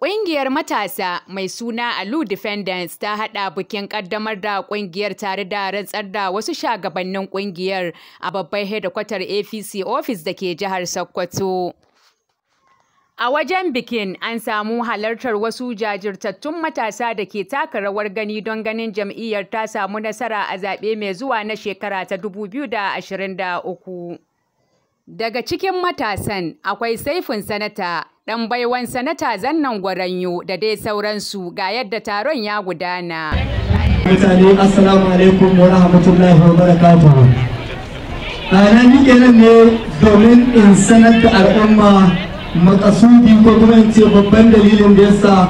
Ƙungiyar matasa mai suna Alu Defendants ta haɗa bikin ƙaddamar da ƙungiyar tare da rantsar da wasu shagabannin ƙungiyar a babbar hedikwatar APC ofis da ke jihar Sokoto. A wajen bikin an samu halartar wasu jajirtattun matasa da ke taka rawar gani don ganin jam'iyyar ta samu nasara a zaɓe mai zuwa na shekara ta 2023. Daga cikin matasan akwai saifin sanata, ɗan baiwan sanata zannan gwaranyo da dai sauransu ga yadda taron ya gudana. Mutane assalamu alaikum wa rahmatullahi wa barakatuhu. Ana nike nan ne domin in sanar da al'umma makasudi ko kuma in ce babban dalilin da yasa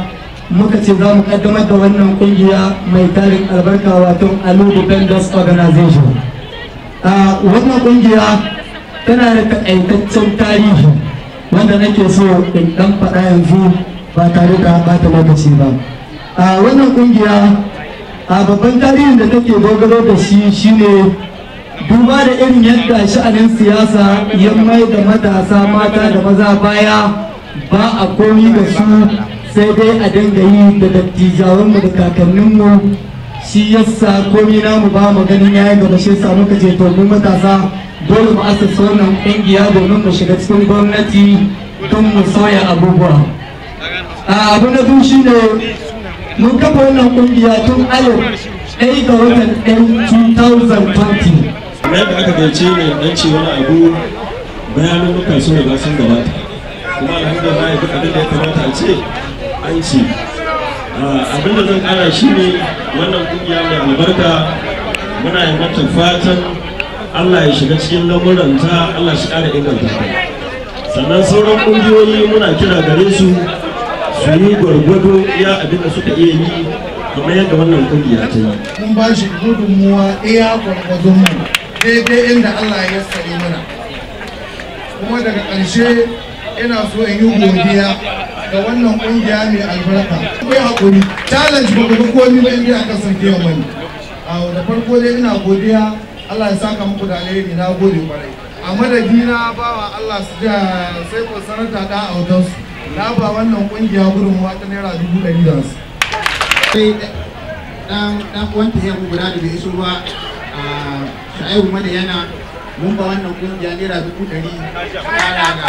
muka ce za mu kaddamar da wannan kungiya mai tarin albarka wato Alu Defenders Organization. Wannan kungiya tana da aikaccen tarihi wanda nake so in dan faɗa yanzu ba tare da bata lokaci ba a wannan ƙungiya, a babban tarihin da take dogaro da shi shine duba da irin yadda sha'anin siyasa ya mai da matasa mata da maza baya ba a komi da su sai dai a dinga yi da mu da kakanninmu shi yasa komi namu ba mu ganin yayin gaba shi samu kaje to mu matasa dole mu asasa wannan ƙungiya domin mu shiga cikin gwamnati don mu sauya abubuwa abu na dushi shine mun kafa wannan ƙungiya tun ayo ɗaya ga watan ɗan 2020 kamar yadda aka gaice ne an ce wani abu bayanin muka so da sun gabata kuma alhamdulillah duk abin da ya kamata a ce an ce abin da zan kara shi ne wannan kungiya mai albarka muna yi mata fatan Allah ya shiga cikin lamuranta Allah shi ƙara inganta sannan sauran ƙungiyoyi muna kira gare su su yi gwargwado ya abin da suka iya yi kamar yadda wannan ƙungiya ta yi. Mun ba shi gudunmuwa iya gwargwadon mu daidai inda Allah ya sare mana. Kuma daga ƙarshe ina so in yi godiya ga wannan ƙungiya mai albarka. Akwai haƙuri, challenge ba ga komi ba inda aka san kewa mani. Da farko dai ina godiya Allah ya saka muku da alheri na gode kwarai a madadina bawa Allah su da sai ko sanarta da su. na ba wannan kungiya wa ta naira dubu ɗari da su. dan dan wanda ya guda da bai iso ba a sha'ibu mana yana mun ba wannan kungiya naira dubu ɗari kara ga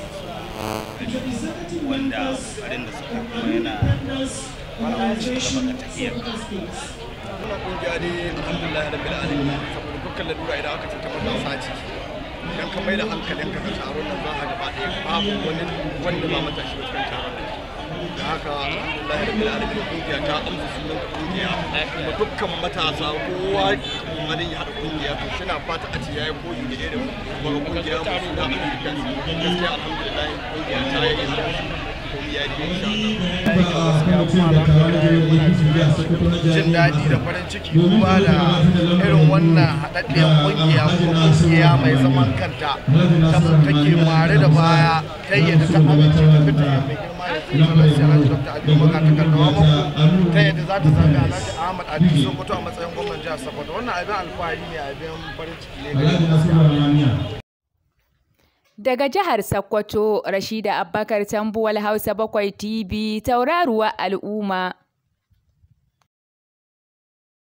wanda farin da suka kuma yana muna kungiya dai alhamdulillah rabbil alamin saboda dukkan lalura idan aka cuta mata sace idan ka da hankalin ka taron nan za ka gaba ɗaya babu wani wanda ba matashi taron da haka kungiya kuma dukkan matasa kowa kokarin ya kungiya to shi fata a ce koyi da irin kuma kungiya mu da America gaskiya alhamdulillah kungiya ta yi komai ya yi insha Allah jin daɗi da farin ciki duba da irin wannan haɗaɗɗiyar ƙungiya ko ƙungiya mai zaman kanta ta take mare da baya ta yadda ta amince ta fita mai girma da shahar dr abubakar ta karnawa mako ta yadda za ta zaga alhaji ahmad ali sokoto a matsayin gwamnan jihar saboda wannan abin alfahari ne abin farin ciki ne ga Daga jihar Sokoto, Rashida Abubakar, Tambuwal Hausa 7, TV, tauraruwa al'umma.